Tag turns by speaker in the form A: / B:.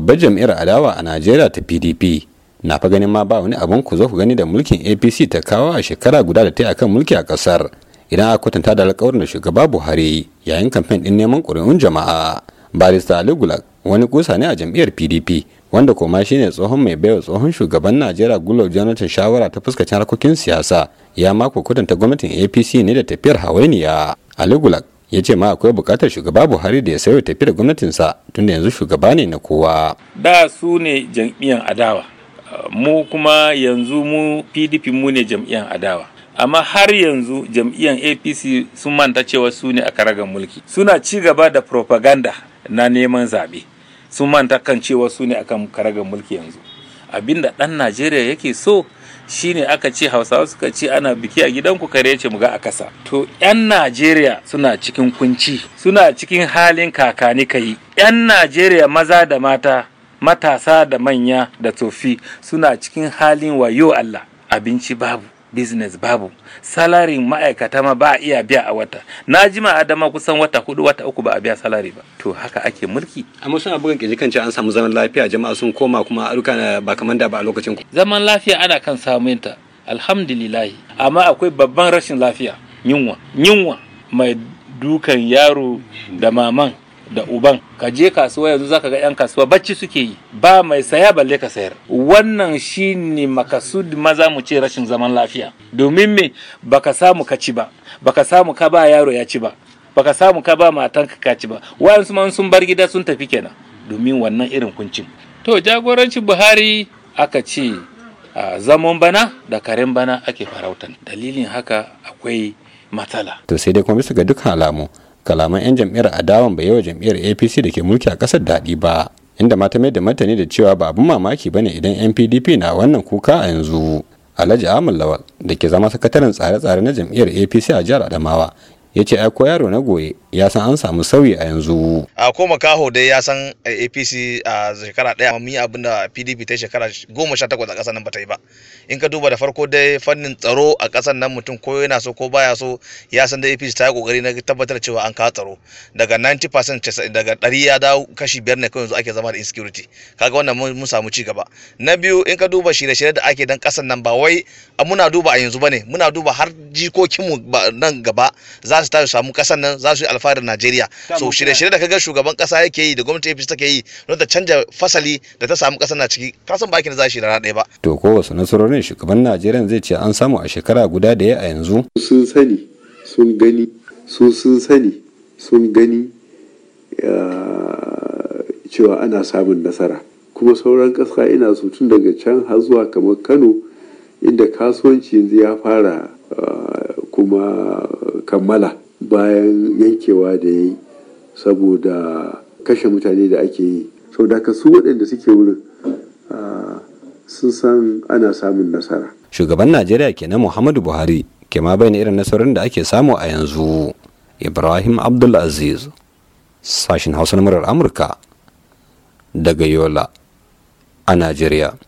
A: babbar jam'iyyar adawa a najeriya ta pdp na fa ganin ma ba wani abun ku zo ku gani da mulkin apc ta kawo a shekara guda da ta yi akan mulki a kasar idan aka kwatanta da alkawarin da shugaba buhari yayin kamfen din neman ƙuri'un jama'a barista ali gulak wani kusa ne a jam'iyyar pdp wanda koma shine tsohon mai baiwa tsohon shugaban najeriya gulo jonathan shawara ta fuskacin harkokin siyasa ya mako kwatanta gwamnatin apc ne da tafiyar hawainiya ali gulak ya ce ma akwai bukatar shugaba buhari da ya sayo tafi da gwamnatinsa tunda yanzu shugaba ne na
B: kowa da su ne jam'iyyar adawa mu kuma yanzu mu pdp mu ne jam'iyyar adawa amma har yanzu jam'iyyar apc sun manta cewa su ne a karagar mulki suna ci gaba da propaganda na neman zaɓe sun manta kan cewa su ne akan karagar mulki yanzu abinda ɗan najeriya yake so shine aka ce hausawa suka ce ana biki a gidanku kare ce mu ga a kasa to 'yan najeriya suna cikin kunci suna cikin halin kakani kayi 'yan najeriya maza da mata matasa da manya da tsofi suna cikin halin wayo allah abinci babu business babu salarin ma'aikata ma ba a iya biya a wata na jima adama kusan wata hudu wata uku ba a biya salari ba to haka ake mulki amma suna bugan kiji kan an samu zaman lafiya jama'a sun koma kuma aruka ba kaman da ba a lokacin ku zaman lafiya ana kan samun ta alhamdulillah amma akwai babban rashin lafiya yunwa yunwa mai dukan yaro da maman da uban ka je kasuwa yanzu zaka ga yan kasuwa bacci suke yi ba mai saya balle ka sayar wannan shine makasud maza mu ce rashin zaman lafiya domin me baka samu ka ci ba baka samu ka ba yaro ya ci ba baka samu ka ba matanka ka ci ba wayansu man sun bar gida sun tafi kenan domin wannan irin kuncin to jagorancin Buhari aka ce a zaman bana da karen bana ake farautan dalilin haka akwai
A: matsala to sai dai kuma bisa ga dukkan alamu kalaman 'yan jam'iyyar adawan bai yawa jam'iyyar apc da ke mulki a ƙasar daɗi ba inda mata mai da martani da cewa ba abin mamaki bane idan npdp na wannan kuka a yanzu alhaji amin lawal da ke zama sakataren tsare-tsare na jam'iyyar apc a jihar adamawa ya ce ai ko yaro na goye ya san an samu sauyi a yanzu
C: a ko makaho dai ya san eh, apc a shekara daya mun yi abin da pdp ta shekara goma sha takwas a ƙasar nan bata yi ba in ka duba da farko dai fannin tsaro a ƙasar nan mutum ko yana so ko baya so ya san da apc ta yi kokari na tabbatar cewa an kawo tsaro daga 90% daga ɗari ya dawo kashi biyar ne kawai yanzu ake zama da insecurity kaga wannan mun samu ci gaba na biyu in ka duba shirye-shirye da ake dan ƙasar nan ba wai muna duba a yanzu bane muna duba har jikokinmu nan gaba za za su tafi samu kasan nan za su yi alfarin Najeriya so shirye-shirye da kaga shugaban kasa yake yi da gwamnati APC take yi don ta canja fasali da ta samu kasan na ciki ka san bakin da za shi rana ba
A: to ko wasu nasarorin shugaban Najeriya zai ce an samu a shekara guda da ya a yanzu
D: sun sani sun gani su sun sani sun gani cewa ana samun nasara kuma sauran kasa ina so tun daga can har zuwa kamar Kano inda kasuwanci yanzu ya fara kuma kammala bayan yankewa da ya yi saboda kashe mutane da ake yi sau da su waɗanda suke wurin sun san ana samun nasara
A: shugaban najeriya kenan muhammadu buhari ke ma bayan irin nasarorin da ake samu a yanzu ibrahim abdulaziz sashen hausa na murar amurka daga yola a najeriya